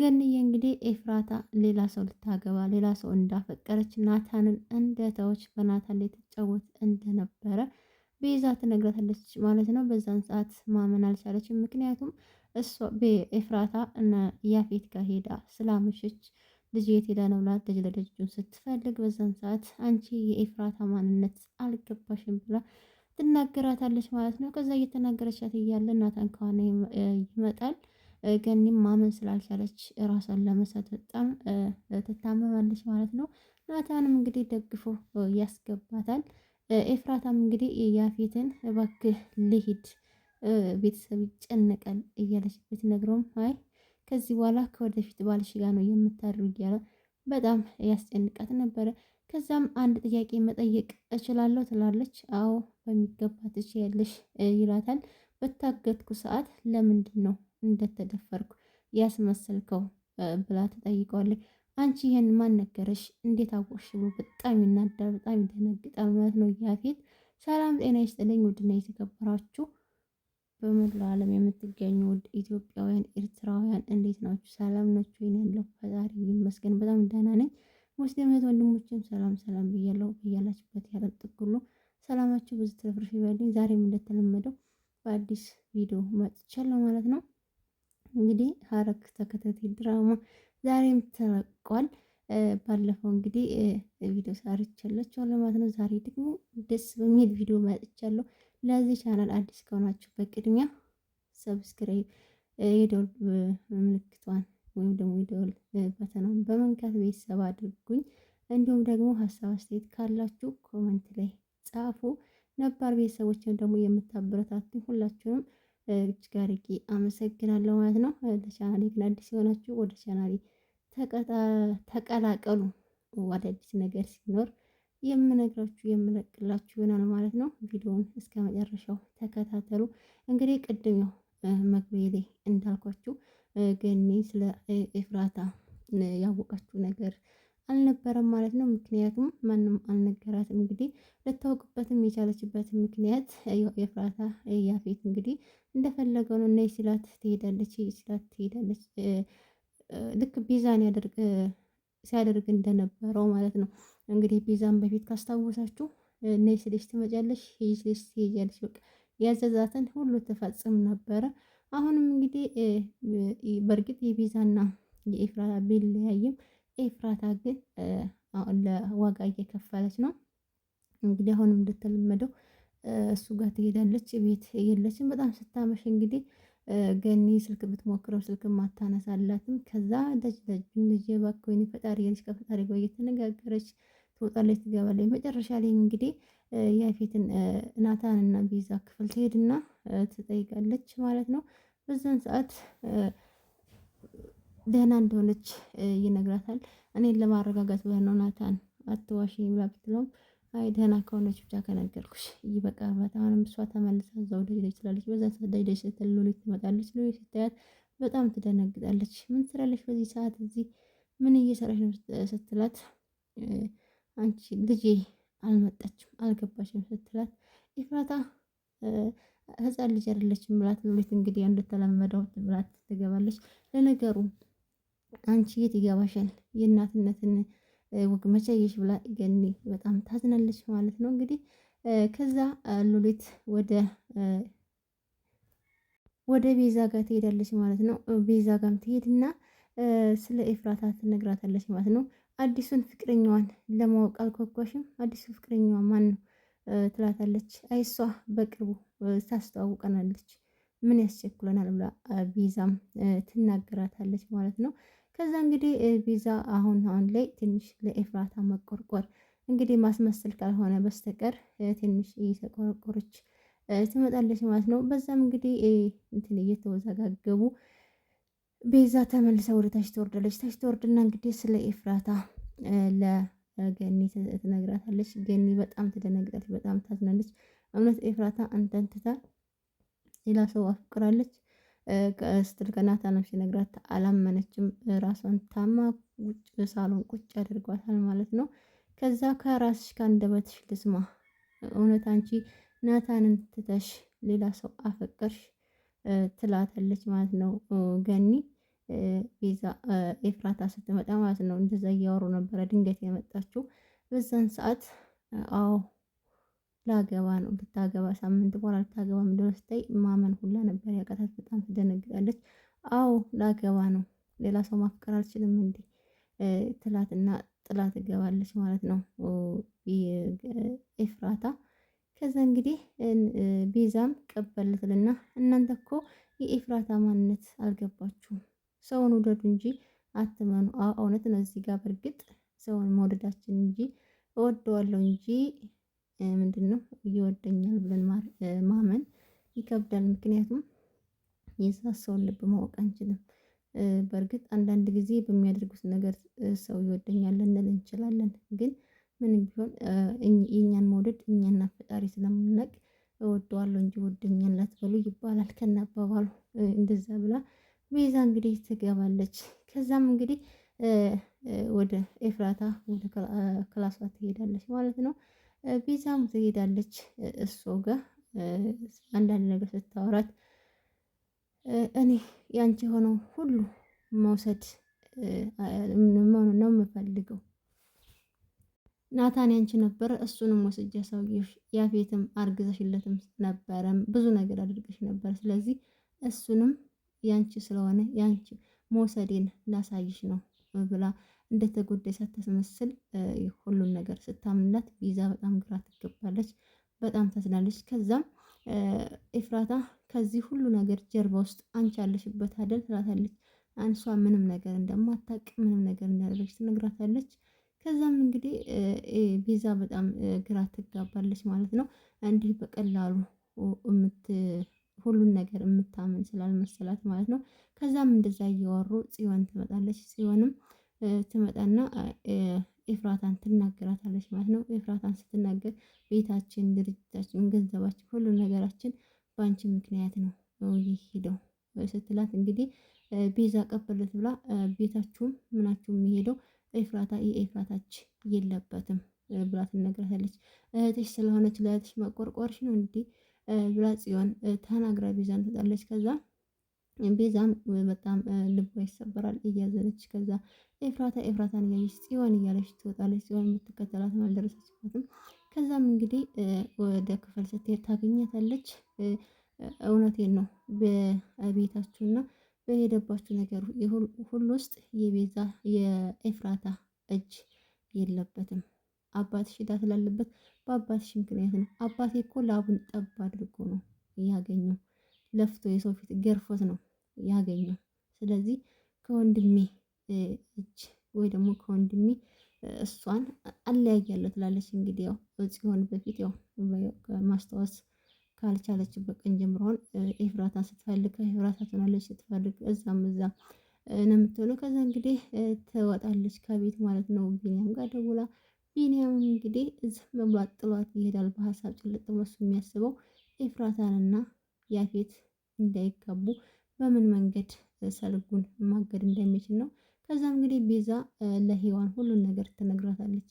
ገንዬ እንግዲህ ኤፍራታ ሌላ ሰው ልታገባ ሌላ ሰው እንዳፈቀረች ናታንን እንደተወች በናታን ላይ ትጫወት እንደነበረ ቤዛ ትነግራታለች ማለት ነው። በዛን ሰዓት ማመን አልቻለችም። ምክንያቱም እሷ በኤፍራታ እና ያፌት ጋር ሄዳ ስላመሸች ልጅ የት ሄዳ ነው ብላ ልጅ ለልጁን ስትፈልግ በዛን ሰዓት አንቺ የኤፍራታ ማንነት አልገባሽም ብላ ትናገራታለች ማለት ነው። ከዛ እየተናገረቻት እያለ ናታን ከሆነ ይመጣል። ገኒም ማመን ስላልቻለች ራሷን ለመሳት በጣም ትታመማለች ማለት ነው። ናታንም እንግዲህ ደግፎ ያስገባታል። ኤፍራታም እንግዲህ ያፌትን እባክህ ልሂድ፣ ቤተሰብ ይጨነቃል እያለች ብትነግረውም አይ ከዚህ በኋላ ከወደፊት ባልሽ ጋር ነው የምታድሩ እያለ በጣም ያስጨንቃት ነበረ። ከዛም አንድ ጥያቄ መጠየቅ እችላለሁ ትላለች። አዎ በሚገባ ትችያለሽ ይላታል። በታገትኩ ሰዓት ለምንድን ነው እንደተደፈርኩ ያስመሰልከው ብላ ትጠይቀዋለች። አንቺ ይሄን ማን ነገረሽ? እንዴት አወቅሽ? ብሎ በጣም ይናዳል፣ በጣም ይደነግጣል ማለት ነው ያፌት። ሰላም ጤና ይስጥልኝ ውድና የተከበራችሁ በመላው ዓለም የምትገኙ ውድ ኢትዮጵያውያን ኤርትራውያን እንዴት ናችሁ? ሰላም ናችሁ? ያለው ፈጣሪ ይመስገን በጣም ደህና ነኝ። ሙስሊም እህት ወንድሞችም ሰላም ሰላም ብያለሁ። እያላችሁበት ያለጥቅ ሰላማችሁ ብዙ ትርፍርፍ ይበልኝ። ዛሬም እንደተለመደው በአዲስ ቪዲዮ መጥቻለሁ ማለት ነው። እንግዲህ ሐረግ ተከታታይ ድራማ ዛሬም ተለቋል። ባለፈው እንግዲህ ቪዲዮ ሰርቻለሁ ማለት ነው። ዛሬ ደግሞ ደስ በሚል ቪዲዮ መጥቻለሁ። ለዚህ ቻናል አዲስ ከሆናችሁ በቅድሚያ ሰብስክራይብ፣ የደወል ምልክቷን ወይም ደግሞ የደወል በተናን በመንካት ቤተሰብ አድርጉኝ። እንዲሁም ደግሞ ሀሳብ አስተያየት ካላችሁ ኮመንት ላይ ጻፉ። ነባር ቤተሰቦችን ደግሞ የምታበረታቱኝ ሁላችሁንም እጅግ አድርጌ አመሰግናለሁ ማለት ነው። ለቻናሌ ግን አዲስ የሆናችሁ ወደ ቻናሌ ተቀላቀሉ። አዳዲስ ነገር ሲኖር የምነግራችሁ የምለቅላችሁ ይሆናል ማለት ነው። ቪዲዮውን እስከ መጨረሻው ተከታተሉ። እንግዲህ ቅድም ያው መግቢያ ላይ እንዳልኳችሁ ገኒ ስለ ኤፍራታ ያወቃችሁ ነገር አልነበረም ማለት ነው። ምክንያቱም ማንም አልነገራትም። እንግዲህ ልታውቅበትም የቻለችበት ምክንያት የፍራታ ያፌት እንግዲህ እንደፈለገው ነው እና ስላት ትሄዳለች፣ ስላት ትሄዳለች። ልክ ቤዛን ያደርግ ሲያደርግ እንደነበረው ማለት ነው። እንግዲህ ቤዛን በፊት ካስታወሳችሁ ነይ ስልሽ ትመጫለሽ፣ ሂጂ ስልሽ ትሄጃለሽ። በቃ ያዘዛትን ሁሉ ትፈጽም ነበረ። አሁንም እንግዲህ በእርግጥ የቤዛና የኤፍራ ቢለያይም ኤፍራታ ግን አሁን ለዋጋ እየከፈለች ነው። እንግዲህ አሁንም እንደተለመደው እሱ ጋር ትሄዳለች። ቤት የለችም። በጣም ስታመሽ እንግዲህ ገኒ ስልክ ብትሞክረው ስልክ ማታነሳላትም። ከዛ ደጅ ደጅ ልጅ ባክ ወይም ፈጣሪ ልጅ ከፈጣሪ ጋር እየተነጋገረች ትወጣለች፣ ትገባለች። መጨረሻ ላይ እንግዲህ ያፌትን ናታንና ቤዛ ክፍል ትሄድና ትጠይቃለች ማለት ነው በዛን ሰዓት ደህና እንደሆነች ይነግራታል። እኔን ለማረጋጋት ብለህ ነው ናታን አትዋሽ ብላ ብትለውም አይ ደህና ከሆነች ብቻ ከነገርኩሽ ይበቃል። አሁንም እሷ ተመልሳ እዛው ደጅ ላይ በዛ ሰዓት ደጅ ላይ ስትል ሉሊት ትመጣለች። ሉሊት ስታያት በጣም ትደነግጣለች። ምን ትላለች? በዚህ ሰዓት እዚህ ምን እየሰራች ነው ስትላት አንቺ ልጄ አልመጣችም አልገባችም ስትላት ይፍራታ ህፃን ልጅ አይደለችም ብላት ሉሊት እንግዲህ እንደተለመደው ብላት ትገባለች። ለነገሩ አንቺ የት ይገባሻል የእናትነትን ወግ መቸየሽ ብላ ገኒ በጣም ታዝናለች ማለት ነው። እንግዲህ ከዛ ሉሊት ወደ ወደ ቤዛ ጋር ትሄዳለች ማለት ነው። ቤዛ ጋም ትሄድና ስለ ኤፍራታ ትነግራታለች ማለት ነው። አዲሱን ፍቅረኛዋን ለማወቅ አልጓጓሽም? አዲሱ ፍቅረኛዋ ማን ነው ትላታለች። አይሷ በቅርቡ ታስተዋውቀናለች ምን ያስቸኩለናል ብላ ቤዛም ትናገራታለች ማለት ነው። ከዛ እንግዲህ ቪዛ አሁን አሁን ላይ ትንሽ ለኤፍራታ መቆርቆር እንግዲህ ማስመሰል ካልሆነ በስተቀር ትንሽ እየተቆረቆረች ትመጣለች ማለት ነው። በዛም እንግዲህ እንትን እየተወዘጋገቡ ቤዛ ተመልሳ ወደ ታች ትወርዳለች። ታች ትወርድና እንግዲህ ስለ ኤፍራታ ለገኒ ትነግራታለች። ገኒ በጣም ትደነግጣለች፣ በጣም ታዝናለች። እውነት ኤፍራታ አንተን ትታ ሌላ ሰው አፍቅራለች ስትል ታናሽ ሲነግራት አላመነችም ራሷን ታማ ውጭ ሳሎን ቁጭ አድርጓታል ማለት ነው። ከዛ ከራስሽ ከአንደበትሽ ልስማ እውነት አንቺ ናታንን ትተሽ ሌላ ሰው አፈቀርሽ ትላታለች ማለት ነው። ገኒ ቤዛ ኤፍራታ ስትመጣ ማለት ነው እንደዛ እያወሩ ነበረ ድንገት የመጣችው በዛን ሰዓት አዎ ላገባ ነው ብታገባ ሳምንት በኋላ ልታገባ ምንድነው ስታይ ማመን ሁላ ነበር ያቃታት በጣም ትደነግጣለች። አዎ ላገባ ነው ሌላ ሰው ማፍቀር አልችልም እንዴ? ትላትና ጥላ ትገባለች ማለት ነው። ኤፍራታ ከዛ እንግዲህ ቤዛም ቀበልትልና እናንተ እኮ የኤፍራታ ማንነት አልገባችሁም ሰውን ውደዱ እንጂ አትመኑ አ እውነት ነው። እዚህ ጋር በርግጥ ሰውን መውደዳችን እንጂ እወደዋለሁ እንጂ ምንድነው ይወደኛል ብለን ማመን ይከብዳል። ምክንያቱም የዛ ሰውን ልብ ማወቅ አንችልም። በእርግጥ አንዳንድ ጊዜ በሚያደርጉት ነገር ሰው ይወደኛል ልንል እንችላለን። ግን ምንም ቢሆን የኛን መውደድ እኛና ፈጣሪ ስለምናውቅ እወደዋለሁ እንጂ ወደኛል አትበሉ ይባላል ከናባባሉ እንደዛ ብላ ቤዛ እንግዲህ ትገባለች። ከዛም እንግዲህ ወደ ኤፍራታ ወደ ክላሷ ትሄዳለች ማለት ነው ቤዛም ትሄዳለች እሱ ጋር አንዳንድ ነገር ስታወራት እኔ ያንቺ የሆነው ሁሉ መውሰድ ነው የምፈልገው። ናታን ያንቺ ነበረ፣ እሱንም ወስጃ ሰውዬሽ ያፌትም አርግዘሽለትም ነበረም ብዙ ነገር አድርገሽ ነበር። ስለዚህ እሱንም ያንቺ ስለሆነ ያንቺ መውሰዴን ላሳይሽ ነው ብላ እንደተጎዳች ሳታስመስል ሁሉን ነገር ስታምናት ቤዛ በጣም ግራ ትገባለች፣ በጣም ታዝናለች። ከዛም ኤፍራታ ከዚህ ሁሉ ነገር ጀርባ ውስጥ አንቺ ያለሽበት አይደል ትላታለች። አንሷ ምንም ነገር እንደማታቅ ምንም ነገር እንዳደረገች ትነግራታለች። ከዛም እንግዲህ ቤዛ በጣም ግራ ትጋባለች ማለት ነው። እንዲህ በቀላሉ ሁሉን ነገር የምታምን ስላልመሰላት ማለት ነው። ከዛም እንደዛ እያወሩ ጽዮን ትመጣለች። ጽዮንም ትመጣና ኤፍራታን ትናገራታለች ማለት ነው። ኤፍራታን ስትናገር ቤታችን፣ ድርጅታችን፣ ገንዘባችን፣ ሁሉ ነገራችን በአንቺ ምክንያት ነው ነው ሄደው ስትላት እንግዲህ ቤዛ ቀበለት ብላ ቤታችሁም ምናችሁም የሄደው ኤፍራታ የኤፍራታች የለበትም ብላ ትነግራታለች። እህትሽ ስለሆነች ለእህትሽ መቆርቆርሽ ነው እንዲህ ብላ ጽዮን ተናግራ ቤዛን ትጣለች ከዛ ቤዛም በጣም ልቧ ይሰበራል እያዘነች ከዛ ኤፍራታ ኤፍራታን እያለች ጽዮን እያለች ትወጣለች። ጽዮን የምትከተላት አልደረሰችበትም። ከዛም እንግዲህ ወደ ክፍል ስትሄድ ታገኛታለች። እውነቴን ነው በቤታችሁና በሄደባችሁ ነገር ሁሉ ውስጥ የቤዛ የኤፍራታ እጅ የለበትም። አባትሽ ዕዳ ስላለበት በአባትሽ ምክንያት ነው። አባቴ እኮ ላቡን ጠብ አድርጎ ነው ያገኘው። ለፍቶ የሰው ፊት ገርፎት ነው ያገኙ። ስለዚህ ከወንድሜ እጅ ወይ ደግሞ ከወንድሜ እሷን አለያያለሁ ትላለች። እንግዲህ ያው ጽዮን በፊት ያው ማስታወስ ካልቻለችበት ቀን ጀምሮን ኤፍራታ ስትፈልግ ኤፍራታ ትሆናለች፣ ስትፈልግ እዛም እዛ ነው የምትሆነው። ከዛ እንግዲህ ትወጣለች ከቤት ማለት ነው። ቢኒያም ጋር ደውላ ቢኒያም እንግዲህ እዚህ ብሎ ጥሏት ይሄዳል። በሀሳብ ጭልጥ ብሎ እሱ የሚያስበው ኤፍራታንና ያፌት እንዳይጋቡ በምን መንገድ ሰርጉን ማገድ እንደሚችል ነው። ከዛም እንግዲህ ቤዛ ለሔዋን ሁሉን ነገር ትነግራታለች